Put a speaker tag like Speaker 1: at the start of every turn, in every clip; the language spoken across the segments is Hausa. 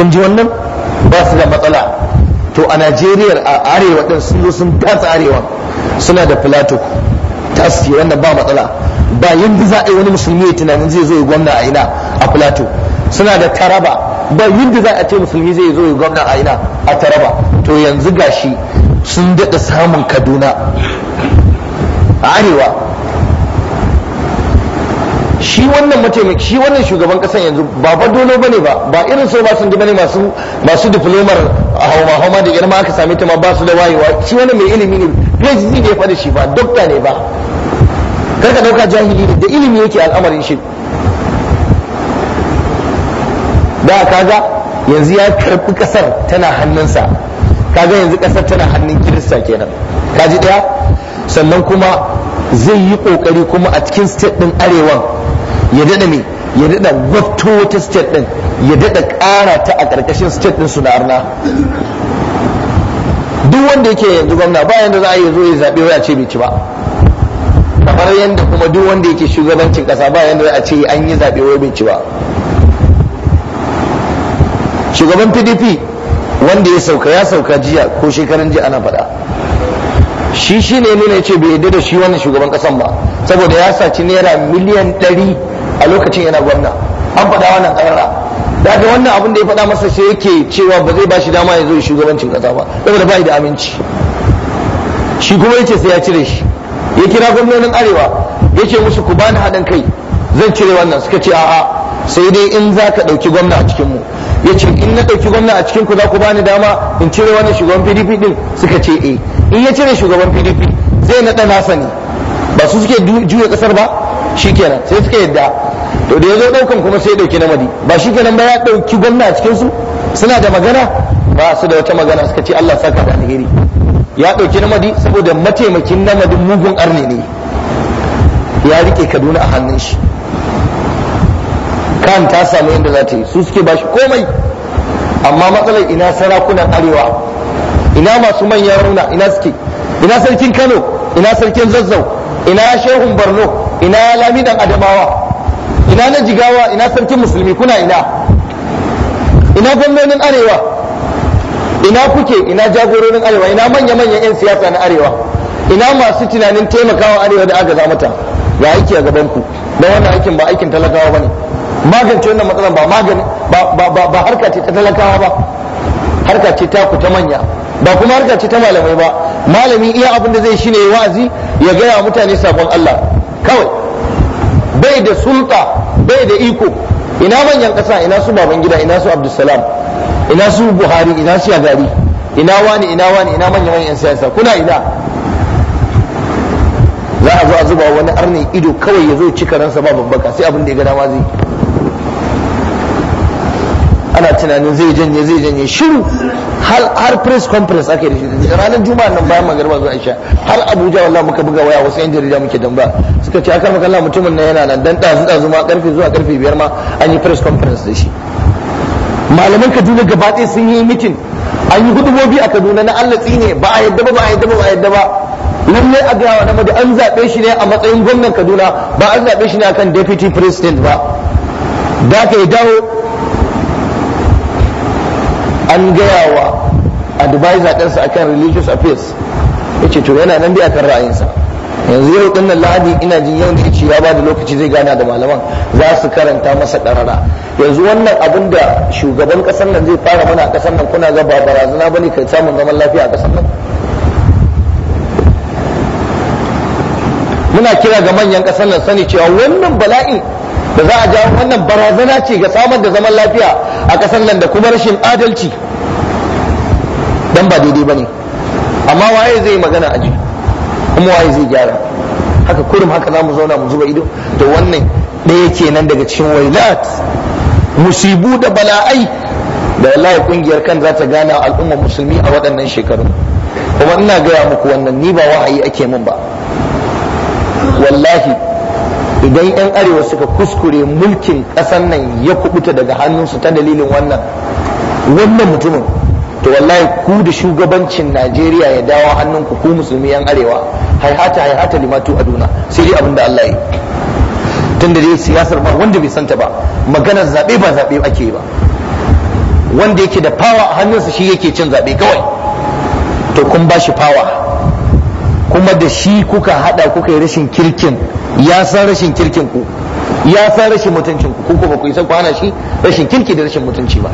Speaker 1: kun ji wannan ba su da matsala to a najeriya a arewa din sun zo sun datsa arewa suna da su ce wannan ba matsala ba yadda za a yi wani musulmi ya tunanin zai zo ya gwamna a ina a filato suna da taraba ba yadda za a ce musulmi zai zo ya gwamna a ina a taraba to yanzu gashi sun daɗa samun kaduna a arewa shi wannan mataimaki shi wannan shugaban kasan yanzu ba ba dole bane ba ba irin so ba sun ji bane masu masu diplomar hauma hauma da girma aka same ta ma ba su da wayewa shi wannan mai ilimi ne PhD ne fa fada shi ba dokta ne ba kar ka dauka jahili da ilimi yake al'amarin shi da kaga yanzu ya karbi kasar tana hannunsa kaga yanzu kasar tana hannun kirista kenan kaji daya sannan kuma zai yi kokari kuma a cikin state din arewan ya dada me ya dada gwabto wata state din ya dada ƙara ta a ƙarƙashin state din su na arna duk wanda yake yanzu gwamna ba yanda za a yi zo ya zaɓe wa ce bai ci ba kamar yadda kuma duk wanda yake shugabancin ƙasa ba yanda za a ce an yi zaɓe wa bai ci ba shugaban pdp wanda ya sauka ya sauka jiya ko shekaran jiya ana faɗa shi shi ne nuna ya ce bai yadda da shi wannan shugaban ƙasan ba saboda ya saci naira miliyan ɗari a lokacin yana gwamna an faɗa wannan ƙarara daga wannan abin da ya faɗa masa sai yake cewa ba zai ba shi dama ya zo shugabancin ƙasa ba saboda ba da aminci shi kuma yace sai ya cire shi ya kira gwamnonin arewa yace musu ku bani haɗin kai zan cire wannan suka ce a'a sai dai in za ka ɗauki gwamna a cikinmu ya ce in na ɗauki gwamna a cikinku za ku bani dama in cire wannan shugaban pdp ɗin suka ce eh in ya cire shugaban pdp zai naɗa nasa ne ba su suke juya ƙasar ba shi kenan sai suka yadda to da ya zo ɗaukan kuma sai ɗauki namadi ba shi kenan ba ya ɗauki gwamna a su suna da magana ba su da wata magana suka ce Allah saka da alheri ya ɗauki namadi saboda mataimakin namadin mugun arne ne ya rike kaduna a hannun shi kan ta samu inda za ta yi su suke ba shi komai amma matsalar ina sarakunan arewa ina masu manyan rauna ina suke ina sarkin kano ina sarkin zazzau ina shehun borno ina lamidan adamawa ina na jigawa ina sarkin musulmi kuna ina ina gwamnonin arewa ina kuke ina jagororin arewa ina manya-manyan 'yan siyasa na arewa ina masu tunanin taimakawa arewa da aka mata ya aiki a ku na wannan aikin ba aikin talakawa ba ne magance wannan matsalar ba magani ba harka ce ta talakawa ba harka ce ta ku ta manya ba kuma harka ce ta malamai ba malami iya abin da zai shine wa'azi ya gaya mutane sabon Allah kawai bai da sulta bai da iko ina manyan ƙasa ina su baban gida ina su abdulsalam ina su buhari ina su yagari ina wani ina wani ina manyan manyan siyasa kuna ina za a zo a zuba wani arnin ido kawai ya zo cika ransa ba babbaka sai abin da ya ga dama zai ana tunanin zai janye zai janye shiru har press conference aka yi da ranar juma'a nan bayan magariba zuwa isha har abuja wallahi muka buga waya wasu yan jarida muke damba suka ce aka maka mutumin nan yana nan dan dazu dazu ma karfe zuwa karfe biyar ma an yi press conference da shi malaman kaduna gaba ɗaya sun yi mitin an yi hudubobi a kaduna na allah tsine ba a yadda ba ba a yadda ba ba a yadda ba nan ne a gaya wa da an zaɓe shi ne a matsayin gwamnan kaduna ba an zaɓe shi ne akan deputy president ba da ka yi dawo an gaya wa advisor ɗinsa akan religious affairs ya ce to yana nan dai akan ra'ayinsa yanzu yau ɗin lahadi ina jin yau da ya ba da lokaci zai gana da malaman za su karanta masa ɗarara yanzu wannan abin da shugaban ƙasar nan zai fara mana a ƙasar nan kuna ga ba barazana ne kai samun zaman lafiya a ƙasar nan muna kira ga manyan ƙasar nan sani cewa wannan bala'i da za a jawo wannan barazana ce ga samar da zaman lafiya a ƙasar nan da kuma rashin adalci dan ba daidai ba ne amma waye zai magana a ji kuma waye zai gyara haka kurum haka za mu zauna mu zuba ido to wannan ɗaya nan daga cikin wailat musibu da bala'ai da wallahi kungiyar kan za ta gana al'ummar musulmi a waɗannan shekaru. kuma ina gaya muku wannan ni ba wahayi ake min ba wallahi idan 'yan arewa suka kuskure mulkin ƙasar nan ya kubuta daga hannunsu ta dalilin wannan wannan mutumin to wallahi ku da shugabancin najeriya ya dawo hannunku ku musulmi 'yan arewa haihata haihata limatu aduna sai dai abin allah ya tun da dai siyasar ba wanda bai santa ba maganar zaɓe ba zaɓe ake ba wanda yake da fawa a hannunsa shi yake cin zaɓe kawai to kun ba shi fawa kuma da shi kuka haɗa kuka yi rashin kirkin ya san rashin kirkin ku ya san rashin mutuncin ku kuma ku isa kwana shi rashin kirki da rashin mutunci ba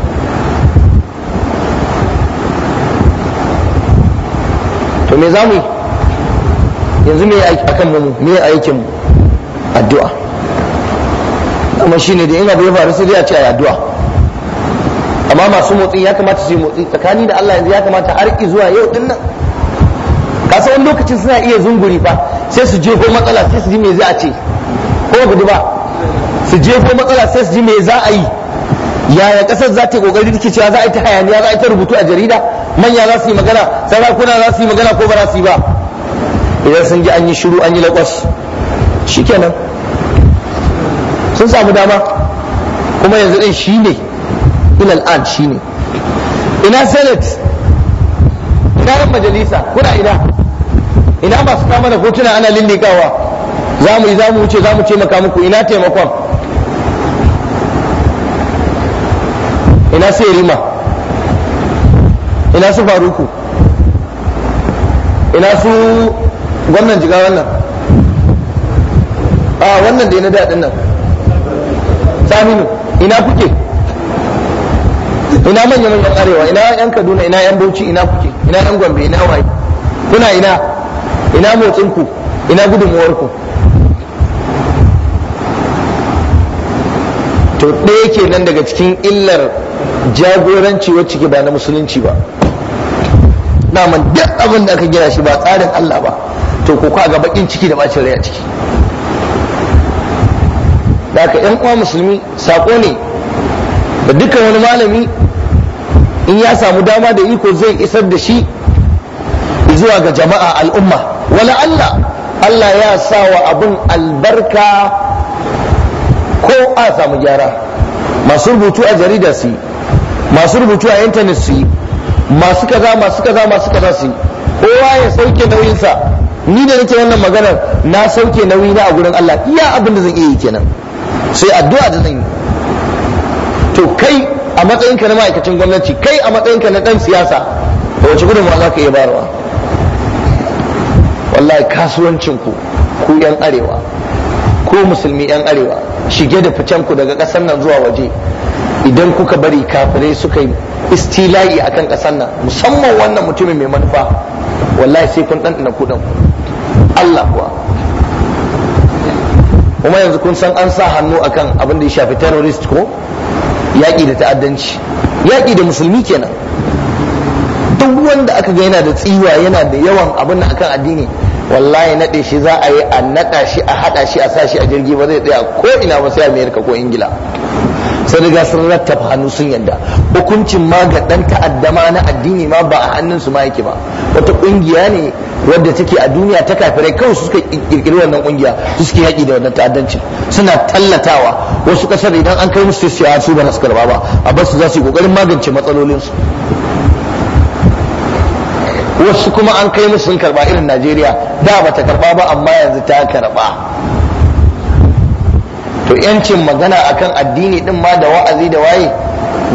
Speaker 1: to me zamu yanzu me akan mu me aikin addu'a amma shine da ina bai faru sai ya a ce addu'a amma masu motsi ya kamata su yi motsi tsakani da Allah yanzu ya kamata har zuwa yau din nan kasan wani lokacin suna iya zunguri ba sai su jefo matsala sai su ji me za a ce ko ku ba su jefo matsala sai su ji me za a yi yaya kasar za ta yi kokari take cewa za a yi ta hayaniya za a yi ta rubutu a jarida manya za su yi magana sarakuna za su yi magana ko ba za su yi ba idan sun ji an yi shiru an yi lakwas shikenan sun samu dama kuma yanzu din shine ilal an shine ina senate ina majalisa kuna ina ina masu kama da hotuna ana lindigawa za mu yi za mu wuce za mu ce maka muku ina taimakon ina sai rima ina su faruku ina su gwamnan jiga wannan a wannan da ya na daɗin nan saminu ina kuke ina manyan manyan arewa ina yan kaduna ina yan bauchi ina kuke ina yan gombe ina waye kuna ina ina motsin ku, ina ku? to ɗaya nan daga cikin illar jagoranci wacce ke ba na musulunci ba daman duk abin da aka gina shi ba tsarin Allah ba to ko ka ga bakin ciki da bacin rai a ciki da ka yan uwa musulmi sako ne da dukkan wani malami in ya samu dama da iko zai isar da shi zuwa ga jama'a al'umma wala Allah Allah ya sa wa abin albarka ko a samu gyara masu rubutu a jarida su masu rubutu a intanet su masu kaza masu kaza masu kaza su kowa ya sauke nauyinsa ni da nake wannan maganar na sauke nauyi na a gurin Allah iya abin da zan iya yi kenan sai addu'a da zan yi to kai a matsayinka na ma'aikacin gwamnati kai a matsayinka na dan siyasa a wace gudunmawa za ka iya bayarwa wallahi kasuwancinku ku yan arewa ko musulmi yan arewa shige da ku daga kasar nan zuwa waje idan kuka bari kafirai suka yi istila'i akan kasar nan musamman wannan mutumin mai manufa wallahi sai kun ɗanɗana kuɗin Allah kuwa kuma yanzu kun san an sa hannu akan abin da ya shafi terrorist ko yaƙi da ta'addanci yaƙi da musulmi kenan duk wanda aka ga yana da tsiwa yana da yawan abin da akan addini wallahi naɗe shi za a yi a naɗa shi a haɗa shi a sashi a jirgi ba zai tsaya ko ina ba sai amerika ko ingila sai daga sun rattafa hannu sun yadda hukuncin ma ga ɗan ta'addama na addini ma ba a hannun su ma yake ba wata ƙungiya ne wadda take a duniya ta kafirai kawai suka kirkiri wannan ƙungiya su suke yaƙi da wannan ta'addancin suna tallatawa wasu ƙasar idan an kai musu sai su ah, ba su karba ba a bar su za su yi ƙoƙarin magance matsalolinsu wasu kuma an kai musu sun karba irin najeriya da ba ta karba ba amma yanzu ta karba to yancin magana akan addini din ma da wa'azi da waye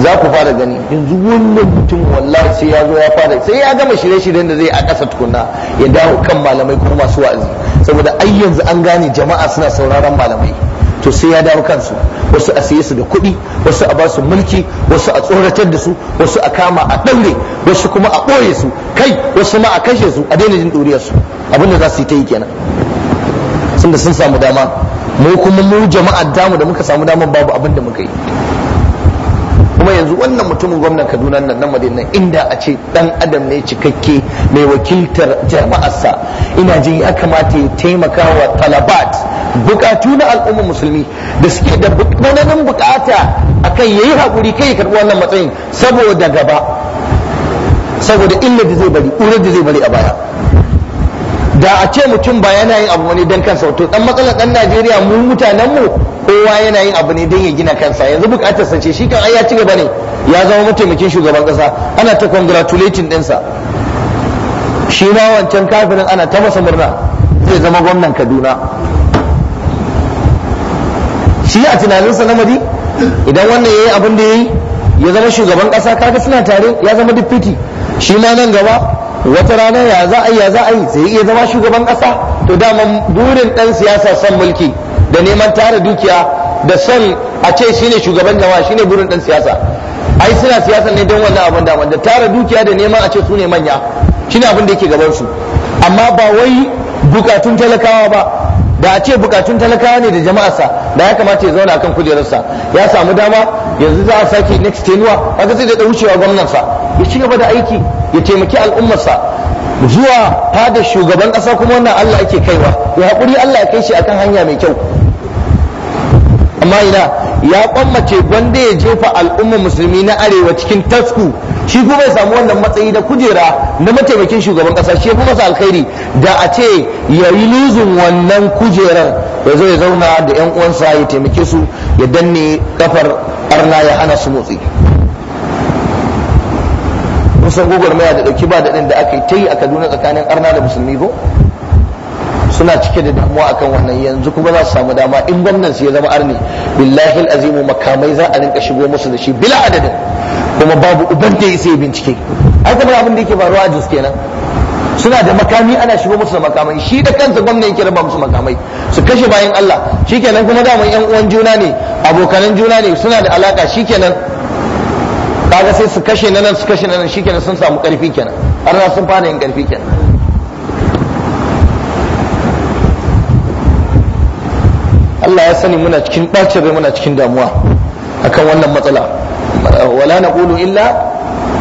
Speaker 1: za ku fara gani yanzu wannan mutum wallahi sai ya zo ya fara sai ya gama shirye-shiryen da zai a ƙasa tukunna ya dawo kan malamai kuma masu wa'azi saboda ai yanzu an gane jama'a suna sauraron malamai to sai ya dawo kansu wasu a siye su da kuɗi wasu a basu mulki wasu a tsoratar da su wasu a kama a ɗaure wasu kuma a ɓoye su kai wasu ma a kashe su a daina jin ɗuriyar su abinda za su yi ta yi kenan sun da sun samu dama mu kuma mu jama'ar damu da muka samu damar babu abin da muka yi yanzu wannan mutumin gwamnan kaduna nan na madina inda a ce dan adam ne cikakke mai wakiltar jama'arsa ina jin ya kamata ya taimaka wa talabat bukatu na al'ummar musulmi da suke da tsananin bukata akan yayi hakuri kai karɓi wannan matsayin saboda gaba saboda illa da zai bari da zai bari a baya da a ce mutum ba yana yin abu wani dan kansa to dan matsalar dan Najeriya mu mutanen mu kowa yana yin abu ne don ya gina kansa yanzu bukatar sace shi kan ai ya ci gaba ne ya zama mataimakin shugaban kasa ana ta congratulating dinsa shi ma wancan kafirin ana ta masa murna zai zama gwamnan kaduna shi a tunaninsa lamari idan wannan ya yi abin da ya yi ya zama shugaban kasa kaga suna tare ya zama dipiti shi ma nan gaba wata rana ya za a ya za yi sai iya zama shugaban kasa to daman burin dan siyasa son mulki da neman tara dukiya da son a ce shine shugaban jama'a shine burin dan siyasa ai suna siyasa ne don wannan abin da da tara dukiya da neman a ce su ne manya shine abin da yake gaban su amma ba wai bukatun talakawa ba da a ce bukatun talakawa ne da jama'arsa da ya kamata ya zauna kan kujerarsa ya samu dama yanzu za a sake next tenuwa ga sai da wucewa gwamnansa ya ci gaba da aiki ya taimaki al'ummarsa zuwa fadar shugaban ƙasa kuma wannan Allah ake kaiwa ya haƙuri Allah ya kai shi akan hanya mai kyau amma ina ya kwammace gwanda ya jefa al'umma musulmi na arewa cikin tasku shi kuma bai samu wannan matsayi da kujera na mataimakin shugaban kasa shi kuma sa alkhairi da a ce ya yi luzin wannan kujerar ya zo ya zauna da yan uwansa ya taimake su ya danne kafar arna ya hana su motsi kusan gwagwarmaya da dauki ba daɗin da aka yi ta yi a kaduna tsakanin arna da musulmi ko suna cike da damuwa akan wannan yanzu kuma za su samu dama in gwamnan su ya zama arni billahi azimu makamai za a rinka shigo musu da shi bila adadin kuma babu uban da sai bincike ai kamar abin da yake faruwa a jus kenan suna da makami ana shigo musu da makamai shi da kansa gwamnan yake raba musu makamai su kashe bayan Allah shikenan kuma daman yan uwan juna ne abokanan juna ne suna da alaka shikenan kaga sai su kashe nanan su kashe nanan shikenan sun samu karfi kenan har sun fara yin karfi kenan Allah ya sani muna cikin ɓacin rai muna cikin damuwa akan wannan matsala wala na naqulu illa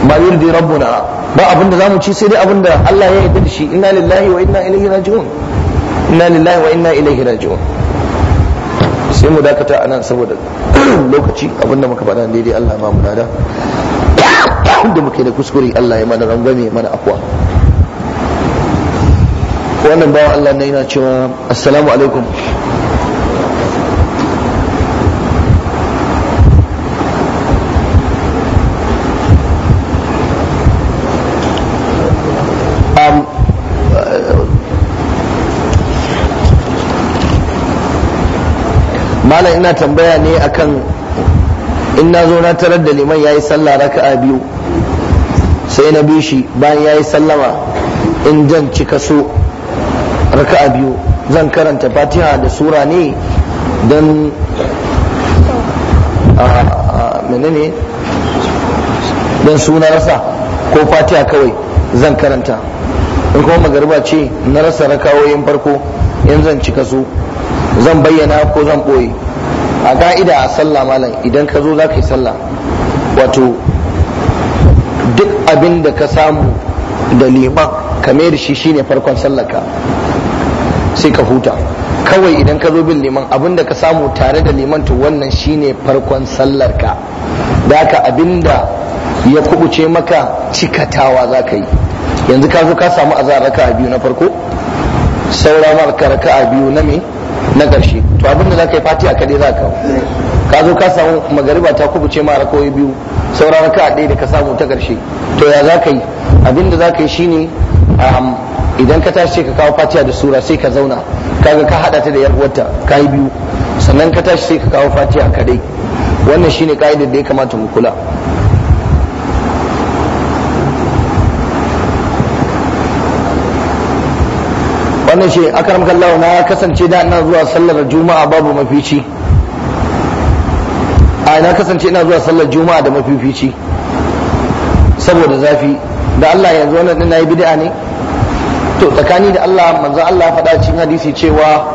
Speaker 1: ma yurdi rabbuna ba abinda zamu ci sai dai abinda Allah ya yarda da shi inna lillahi wa inna ilaihi raji'un inna lillahi wa inna ilaihi raji'un sai mu dakata anan saboda lokaci abinda muka faɗa daidai Allah ma mu dada da muke da kuskure Allah ya mana rangwame mana akwa wannan bawa Allah na yana cewa assalamu alaikum malam ina tambaya ne akan in na zo na tarar da liman ya yi sallah a biyu sai na bi shi bayan ya yi sallama in jan cika so raka a biyu zan karanta fatiha da sura ne don menene don suna rasa ko fatiha kawai zan karanta in kuma magariba ce na rasa rakawoyin farko in zan cika so. zan bayyana ko zan ɓoye a ga'ida a sallah malam idan ka zo za ka yi sallah wato duk abin da ka samu da liman ka da shi shine farkon ka sai ka huta kawai idan ka zo bin liman abin da ka samu tare da liman to wannan shine farkon ka da ka abin da ya kubuce maka cikatawa za ka yi yanzu ka zo ka samu azar raka biyu na farko saura marka raka biyu na me na ƙarshe to abinda za ka yi fatiha kaɗai za ka ka zo ka samu magariba ta kubuce ma rakoyi biyu saura raka ɗaya da ka samu ta ƙarshe to ya za ka yi abinda za ka yi shine um, idan ka tashi ka kawo fatiha da sura sai ka zauna kaga ka haɗa ta da yar uwarta ka yi biyu sannan ka tashi sai ka kawo fatiha kaɗai wannan shine ka'idar da ya kamata mu kula wannan shi akaram kallawa na kasance da ina zuwa sallar juma'a babu mafici a na kasance ina zuwa sallar juma'a da mafifici saboda zafi da Allah yanzu wannan din nayi bid'a ne to tsakani da Allah manzo Allah ya faɗa cikin hadisi cewa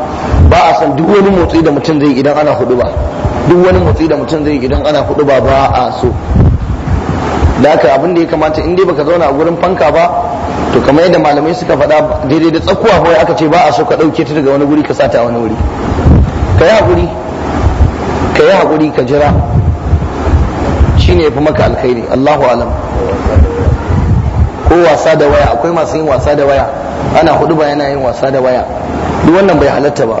Speaker 1: ba a san duk wani motsi da mutum zai idan ana hudu ba duk wani motsi da mutum zai idan ana hudu ba ba a so da haka abin da ya kamata in dai baka zauna a gurin fanka ba to kamar yadda malamai suka faɗa daidai da tsakuwa kawai aka ce ba a so ka ɗauke ta daga wani guri ka sata a wani wuri ka yi haƙuri ka yi haƙuri ka jira shi ne fi maka alkhairi allahu alam ko wasa da waya akwai masu yin wasa da waya ana hudu ba yana yin wasa da waya duk wannan bai halatta ba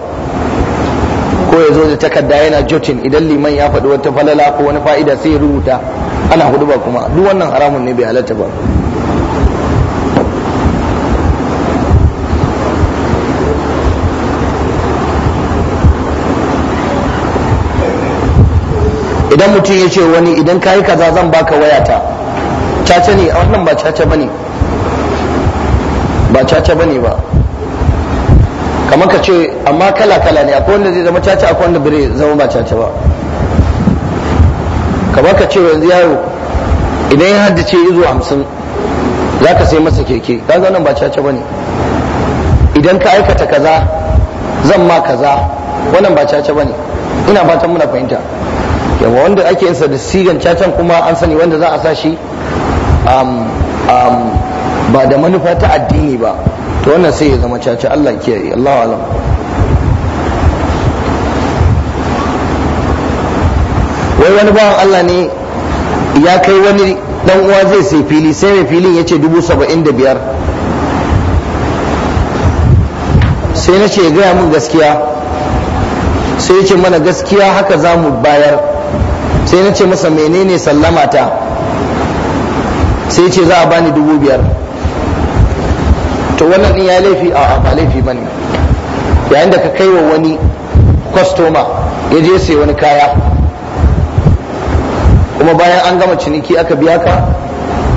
Speaker 1: ko ya zo da takarda yana jotin idan liman ya faɗi wata falala ko wani fa'ida sai ya rubuta ana hudu ba kuma duk wannan haramun ne bai halatta ba idan mutum ya ce wani idan ka yi kaza zan baka wayata caca ne a wannan ba caca bane ba caca ne ba kamar ka ce amma kala kala ne akwai wanda zai zama caca akwai wanda bire zama ba caca ba kamar ka ce yanzu yaro idan ya haddace izo hamsin za ka sai masa keke kaga nan ba caca ne idan ka aikata kaza zan ma kaza wannan ba caca ne ina fatan muna fahimta yawa wanda ake insa da sigan cacan kuma an sani wanda za a sa shi um, um, ba da manufa ta addini ba to wannan sai ya zama caca Allah kiyaye alam wai wani bawan Allah ne ya kai wani dan uwa zai sai fili sai mai filin ya ce dubu saba'in da biyar sai na ce ya gaya min gaskiya sai ya ce mana gaskiya haka za mu bayar sai na ce masa menene sallama ta sai ce za a bani dubu biyar to wannan din ya laifi a ba laifi bane yayin da ka kai wa wani kwastoma ya je sai wani kaya kuma bayan an gama ciniki aka biya ka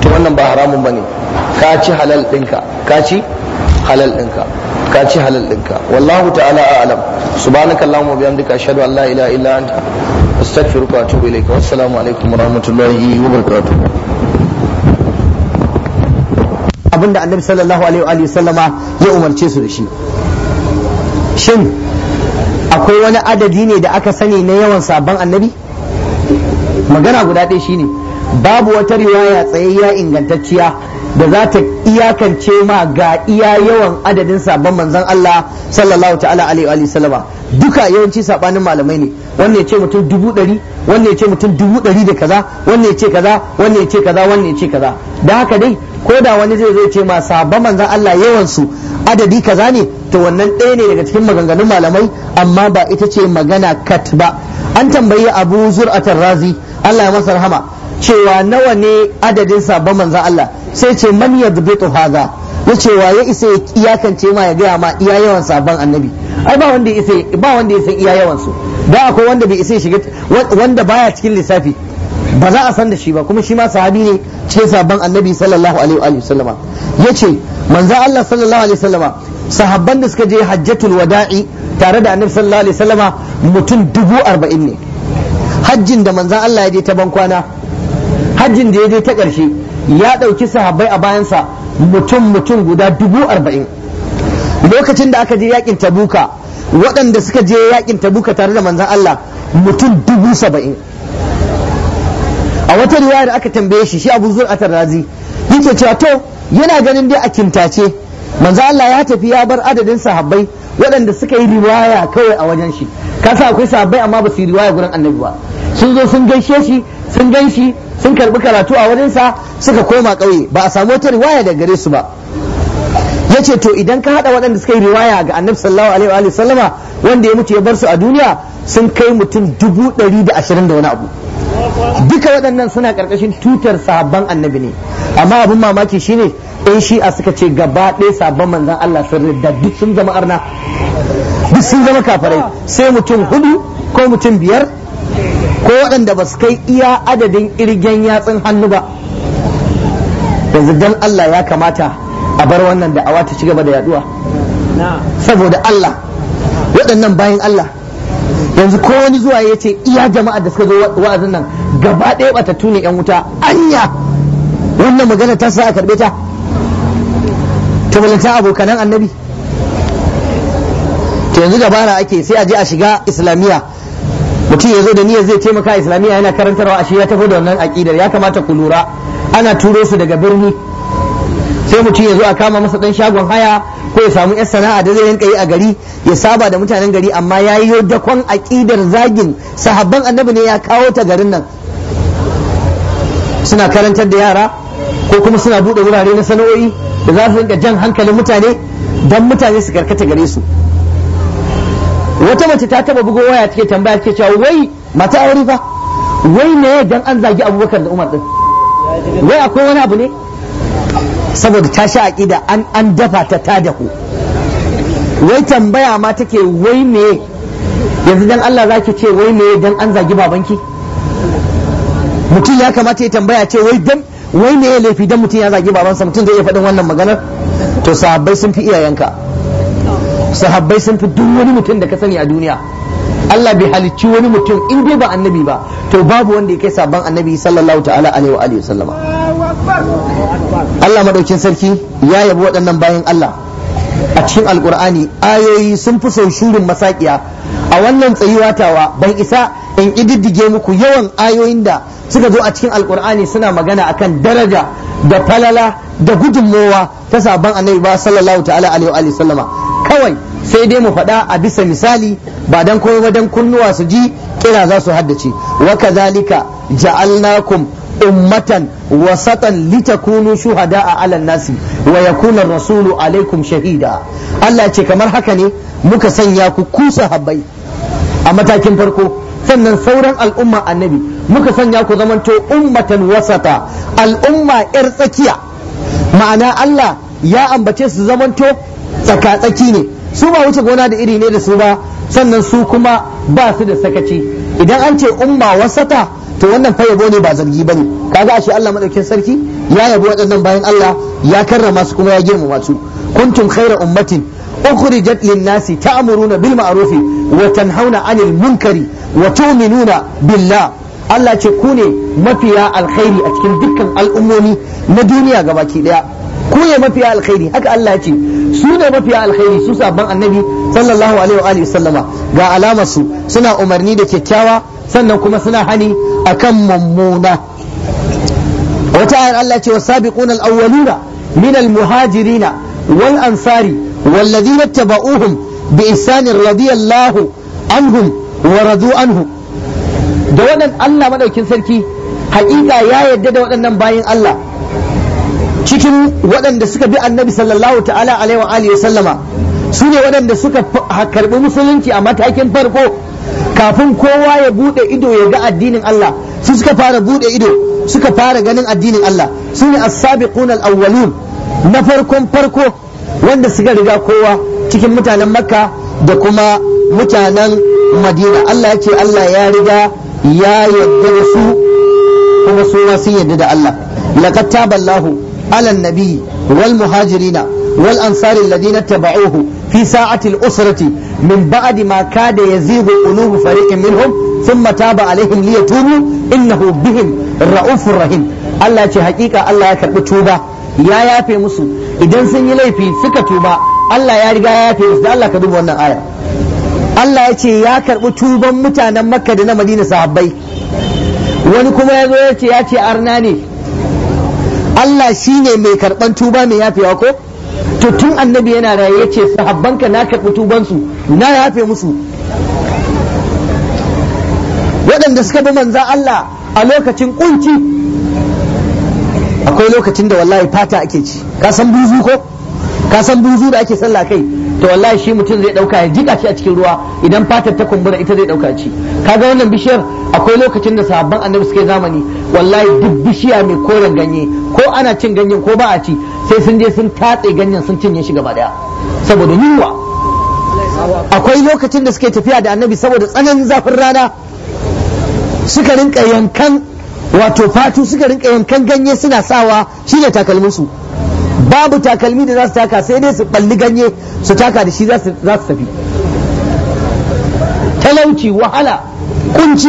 Speaker 1: to wannan ba haramun bane ka ci halal ɗinka ka ci halal ɗinka ka ci halal ɗinka wallahu ta'ala a'lam subhanakallahumma wa bihamdika ashhadu an la ilaha illa anta واتوب wa والسلام عليكم ورحمه الله وبركاته annabi sallallahu alaihi wa sallama ya umarce su da shi shin akwai wani adadi ne da aka sani na yawan sabon annabi magana guda ɗaya shine babu wata riwaya tsayayya ingantacciya da za ta iyakance ma ga iya yawan adadin sabon manzan Allah sallallahu ta'ala alaihi wa duka yawanci sabanin malamai ne Wannan ya ce mutum dubu ɗari wannan ya ce mutum dubu ɗari da kaza wannan ya ce kaza wannan ya ce kaza wannan ya ce kaza da haka dai ko da wani zai zo ce ma sabon manzan Allah yawan su adadi kaza ne to wannan ɗaya ne daga cikin maganganun malamai amma ba ita ce magana kat ba an tambayi Abu Zur'atar Razi Allah ya masa rahama cewa nawa ne adadin sabon manzan Allah sai ce man haga. Ya ce wa ya isa iyakance ma ya gaya ma iya yawan sabon annabi ai ba wanda isa ba wanda ya san iya yawan su da akwai wanda bai isa shiga wanda baya cikin lissafi ba za a san da shi ba kuma shi ma sahabi ne cikin sabon annabi sallallahu alaihi wa sallama ce manzo Allah sallallahu alaihi wa sallama sahabban da suka je hajjatul wada'i tare da annabi sallallahu alaihi wa sallama mutum dubu arba'in ne hajjin da manzo Allah ya je ta bankwana hajjin da ya je ta ƙarshe ya ɗauki sahabbai a bayansa mutum mutum guda dubu arba'in lokacin da aka je yakin tabuka waɗanda suka je yakin tabuka tare da manzan Allah mutum dubu saba'in a wata riwaya da aka tambaye shi shi abu zur razi yake cewa to yana ganin dai a kintace manzo Allah ya tafi ya bar adadin sahabbai waɗanda suka yi riwaya kawai a wajen shi ka sa akwai sahabbai amma ba su yi riwaya gurin annabi ba sun zo sun gaishe shi sun gan shi sun karbi karatu a wajensa suka koma ƙauye ba a samu wata riwaya da gare su ba yace to idan ka haɗa waɗanda suka yi riwaya ga annabi sallallahu alaihi wa sallama wanda ya mutu ya bar su a duniya sun kai mutum dubu ɗari da ashirin da wani abu duka waɗannan suna ƙarƙashin tutar sahabban annabi ne amma abin mamaki shine shi a suka ce gaba ɗaya sabon manzan Allah sun da duk sun zama arna duk sun zama kafarai sai mutum hudu ko mutum biyar ko waɗanda ba su kai iya adadin irgen yatsun hannu ba yanzu don Allah ya kamata a bar wannan da awa ta ci gaba da yaduwa saboda Allah waɗannan bayan Allah yanzu ko wani zuwa ya ce iya jama'a da suka zo wa'azin nan gaba ɗaya ba ta tuni yan wuta anya wannan magana ta sa a karɓe ta ta abokanan annabi to yanzu dabara ake sai a je a shiga islamiyya mutum ya zo da niyyar zai taimaka islamiyya yana karantarwa a ashe ya tafi da wannan aƙidar ya kamata ku lura ana turo su daga birni sai mutum ya zo a kama masa dan shagon haya ko ya samu 'yan sana'a da zai yanka yi a gari ya saba da mutanen gari amma ya yi dakon aƙidar zagin sahabban annabi ne ya kawo ta garin nan suna karantar da yara ko kuma suna buɗe wurare na sana'o'i da za su rinka jan hankalin mutane don mutane su karkata gare su wata mace ta taba bugo waya take tambaya take cewa wai mata aure fa wai ne dan an zagi abubakar da umar din wai akwai wani abu ne saboda ta sha aqida an an dafa ta ta dahu wai tambaya ma take wai me yanzu dan Allah zaki ce wai me dan an zagi babanki mutum ya kamata ya tambaya ce wai dan wai me laifi dan mutum ya zagi babansa mutum zai iya faɗin wannan maganar to sahabbai sun fi iyayenka sahabbai sun fi duk wani mutum da ka sani a duniya Allah bai halicci wani mutum in dai ba annabi ba to babu wanda ya kai sabon annabi sallallahu ta'ala alaihi wa alihi sallama Allah madaukin sarki ya yabi waɗannan bayan Allah a cikin alkur'ani ayoyi sun fi sau shurin masakiya a wannan tsayuwa tawa ban isa in ƙididdige muku yawan ayoyin da suka zo a cikin alkur'ani suna magana akan daraja da falala da gudunmowa ta sabon annabi ba sallallahu ta'ala alaihi wa sallama kawai sai dai mu faɗa a bisa misali ba dan koyi wadan kunnuwa su ji kira za su haddace wa kadhalika ja'alnakum ummatan wasatan litakunu a 'ala nasi wa yakuna rasulu alaikum shahida Allah ce kamar haka ne muka sanya ku kusa habbai a matakin farko sannan sauran al'umma annabi muka sanya ku zamanto ummatan wasata al'umma 'yar tsakiya ma'ana Allah ya ambace su zamanto tsakatsaki ne su ba wuce gona da iri ne da su ba sannan su kuma ba su da sakaci idan an ce umma wasata to wannan fa yabo ne ba zargi bane kaga ashe Allah madaukin sarki ya yabo waɗannan bayan Allah ya karrama su kuma ya girmama masu, kuntum khaira ummatin ukhrijat lin-nasi ta'muruna bil ma'ruf wa tanhauna 'anil munkari wa tu'minuna billah Allah ce ku ne mafiya alkhairi a cikin dukkan al'ummomi na duniya gabaki daya ku ne mafiya alkhairi haka Allah ce su ne mafiya alkhairi su sabon annabi sallallahu alaihi wa alihi sallama ga alamar su suna umarni da kyakkyawa sannan kuma suna hani akan mummuna wata ayar Allah ce wasabiquna alawwaluna min almuhajirina wal ansari والذين اتبعوهم بإحسان رضي الله عنهم ورضوا عنه da wannan Allah madaukin sarki hakika ya yadda da waɗannan bayin Allah cikin waɗanda suka bi annabi sallallahu ta'ala alaihi wa alihi sallama su ne waɗanda suka karɓi musulunci a matakin farko kafin kowa ya buɗe ido ya ga addinin Allah su suka fara buɗe ido suka fara ganin addinin Allah su ne as-sabiqun al-awwalun na farkon farko wanda suka riga kowa cikin mutanen makka da kuma mutanen madina Allah ya ce Allah ya riga ya yarda da su kuma su sun yarda da Allah laqad taballahu على النبي والمهاجرين والأنصار الذين اتبعوه في ساعة الأسرة من بعد ما كاد يزيغ قلوب فريق منهم ثم تاب عليهم ليتوبوا إنه بهم الرؤوف الرحيم الله يجي حقيقة الله يكرب توبة يا يا في مسلم إذا سن يلي في سكة توبة الله يا رجال يا في مسلم الله كذب وانا آية الله يجي يا كرب توبة متى نمكة دنا مدينة صحابي wani kuma ya zo ya ce ya ce arna ne Allah shi ne mai karban tuba mai yafewa ko to tun annabi yana raye ya ce sahabbanka na karɓi tubansu na yafe musu waɗanda suka bi manzan Allah a lokacin ƙunci, akwai lokacin da wallahi fata ake ci ka san buzu ko ka san buzu da ake sallah kai to wallahi shi mutum zai dauka ya jika shi a cikin ruwa idan fatar ta kumbura ita zai dauka ci kaga wannan bishiyar akwai lokacin da sahabban annabi suke zamani wallahi duk bishiya mai koren ganye ko ana cin ganye ko ba a ci sai sun je sun tatse ganyen sun cinye shi gaba daya saboda yunwa akwai lokacin da suke tafiya da annabi saboda tsananin zafin rana suka rinka yankan wato fatu suka rinka yankan ganye suna sawa shine takalminsu su babu takalmi da za su taka sai dai su balli ganye su taka da shi za su tafi talauci wahala kunci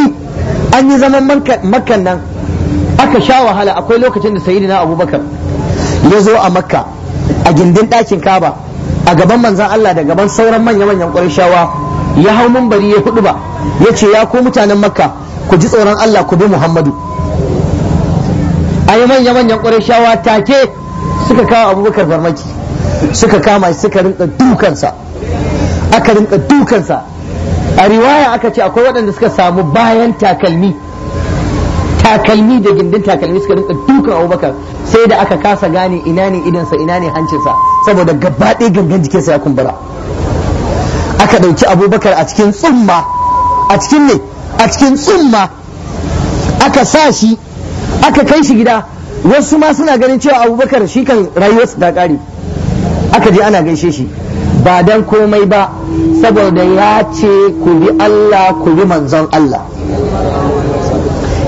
Speaker 1: an yi zaman makkan nan aka sha wahala akwai lokacin da sayyidina abubakar ya zo a makka a gindin ɗakin kaba a gaban manzan Allah da gaban sauran manya-manyan ƙwarishawa ya hau mumbari ya hudu ba ya ce ya ko mutanen makka ku ji tsoron Allah ku bi muhammadu a yi manya-manyan ƙwarishawa take suka kawo abubakar farmaki suka kama shi suka rinka dukansa aka rinka dukansa a riwaya aka ce akwai waɗanda suka samu bayan takalmi takalmi da gindin takalmi suka rinka dukan abubakar sai da aka kasa gane ina ne idansa ina ne hancinsa saboda gaba gangan jikinsa ya kumbura aka ɗauki abubakar a cikin tsumma a cikin ne a cikin tsumma aka sa shi aka kai shi gida wasu ma suna ganin cewa abubakar shi kan rayuwarsa ta ƙare aka je ana gaishe shi ba dan komai ba saboda ya ce ku bi Allah ku bi manzon Allah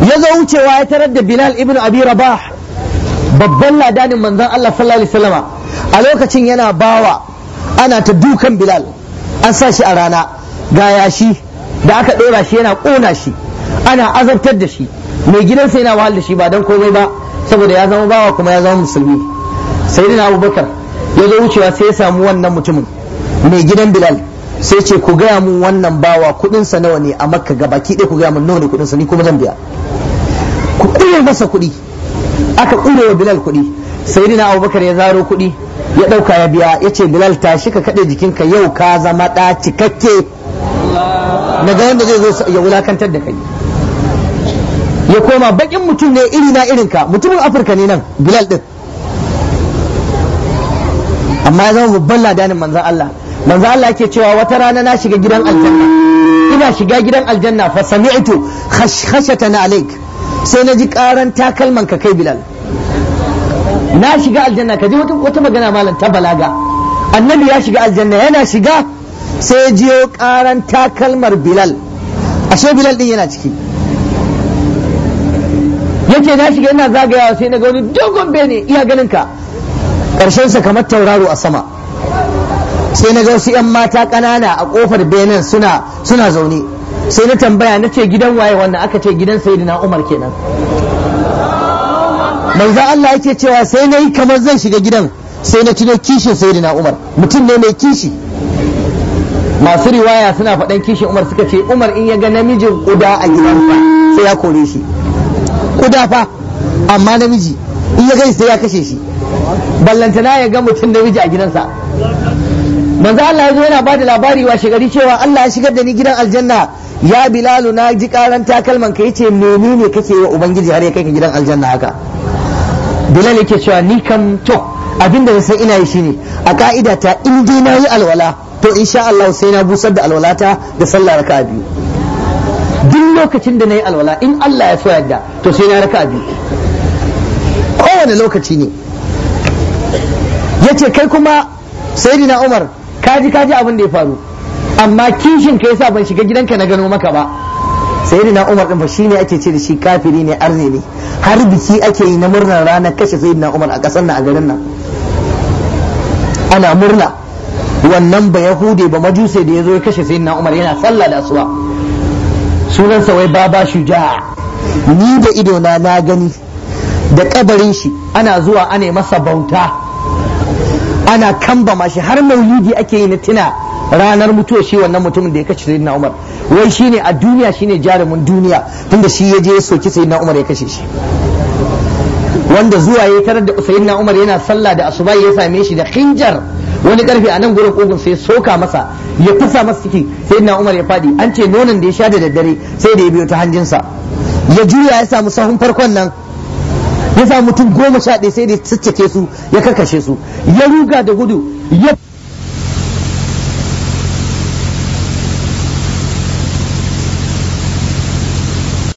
Speaker 1: ya zo wucewa ya tarar da Bilal ibn Abi Rabah babban ladanin manzon Allah sallallahu alaihi a lokacin yana bawa ana ta dukan Bilal an sa shi a rana ga yashi da aka ɗora shi yana ƙona shi ana azabtar da shi mai gidansa yana wahal da shi ba dan komai ba saboda ya zama bawa kuma ya zama musulmi sai abubakar ya zo wucewa sai ya samu wannan mutumin mai gidan bilal sai ce ku gaya mun wannan bawa sa nawa ne a makka gaba baki ku gaya mun nawa ne sa ni kuma zan biya ku kure masa kuɗi aka kure wa bilal kuɗi sai abubakar ya zaro kuɗi ya ɗauka ya biya ya ce bilal tashi ka kaɗe jikinka yau ka zama da cikakke na ga yadda zai zo ya wulakantar da kai ya koma bakin mutum ne iri na irinka mutumin afirka ne nan bilal din amma ya zama babban ladanin manzan Allah manzan Allah ke cewa wata rana na shiga gidan aljanna ina shiga gidan aljanna fa sami'tu na alaik sai na ji karan takalman ka kai bilal na shiga aljanna ka ji wata magana malam ta balaga annabi ya shiga aljanna yana shiga sai ya jiyo karan takalmar bilal ashe bilal din yana ciki yace na shiga ina zagayawa sai na ga wani dogon bene iya ganin ka karshen sa kamar tauraro a sama sai na ga wasu yan mata kanana a kofar benen suna suna zaune sai na tambaya na ce gidan waye wannan aka ce gidan sayyidina Umar kenan manzo Allah yake cewa sai nayi kamar zan shiga gidan sai na tuno kishin sayyidina Umar mutum ne mai kishi masu riwaya suna faɗan kishin Umar suka ce Umar in ya ga namijin kuda a gidansa sai ya kore shi Kudafa, amma namiji in ya gani sai ya kashe shi ballantana ya ga mutum namiji a gidansa manzo Allah ya zo yana bada labari wa shigari cewa Allah ya shigar da ni gidan aljanna ya bilalu na ji karan takalman ka yace menene kake wa ubangiji har ya kai ka gidan aljanna haka bilal yake cewa ni kam to abinda na san ina yi shine a ka'ida ta in dai na yi alwala to insha Allah sai na busar da alwalata da sallah raka'a biyu duk lokacin da na yi alwala in Allah ya so yadda to sai na raka biyu kowane lokaci ne ya ce kai kuma sayyidina umar kaji kaji abin da ya faru amma kishin ka yasa ban shiga gidanka na gano maka ba sayyidina umar din fa ne ake ce da shi kafiri ne arne ne har biki ake yi na murnar ranar kashe sayyidina umar a kasar na a garin nan ana murna wannan ba yahude ba majuse da ya zo ya kashe sayyidina umar yana sallah da asuwa sunansa wai baba shuja'a ni da idona na gani da kabarin shi ana zuwa ana masa bauta ana kambama shi har maulidi ake yi na tina ranar mutuwa shi wannan mutumin da ya kashe sayyidina Umar wai shine a duniya shine jarumin duniya tunda shi ya je ya soki sayyidina Umar ya kashe shi wanda zuwa ya tarar da sayyidina Umar yana sallah da asuba ya same shi da khinjar wani ƙarfe a nan gurin kogin sai soka masa ya kusa masa ciki sai na umar ya fadi an ce nonon da ya sha da daddare sai da ya biyo ta hanjinsa ya juya ya samu sahun farkon nan ya samu mutum goma sha ɗaya sai da ya su ya karkashe su ya ruga da gudu ya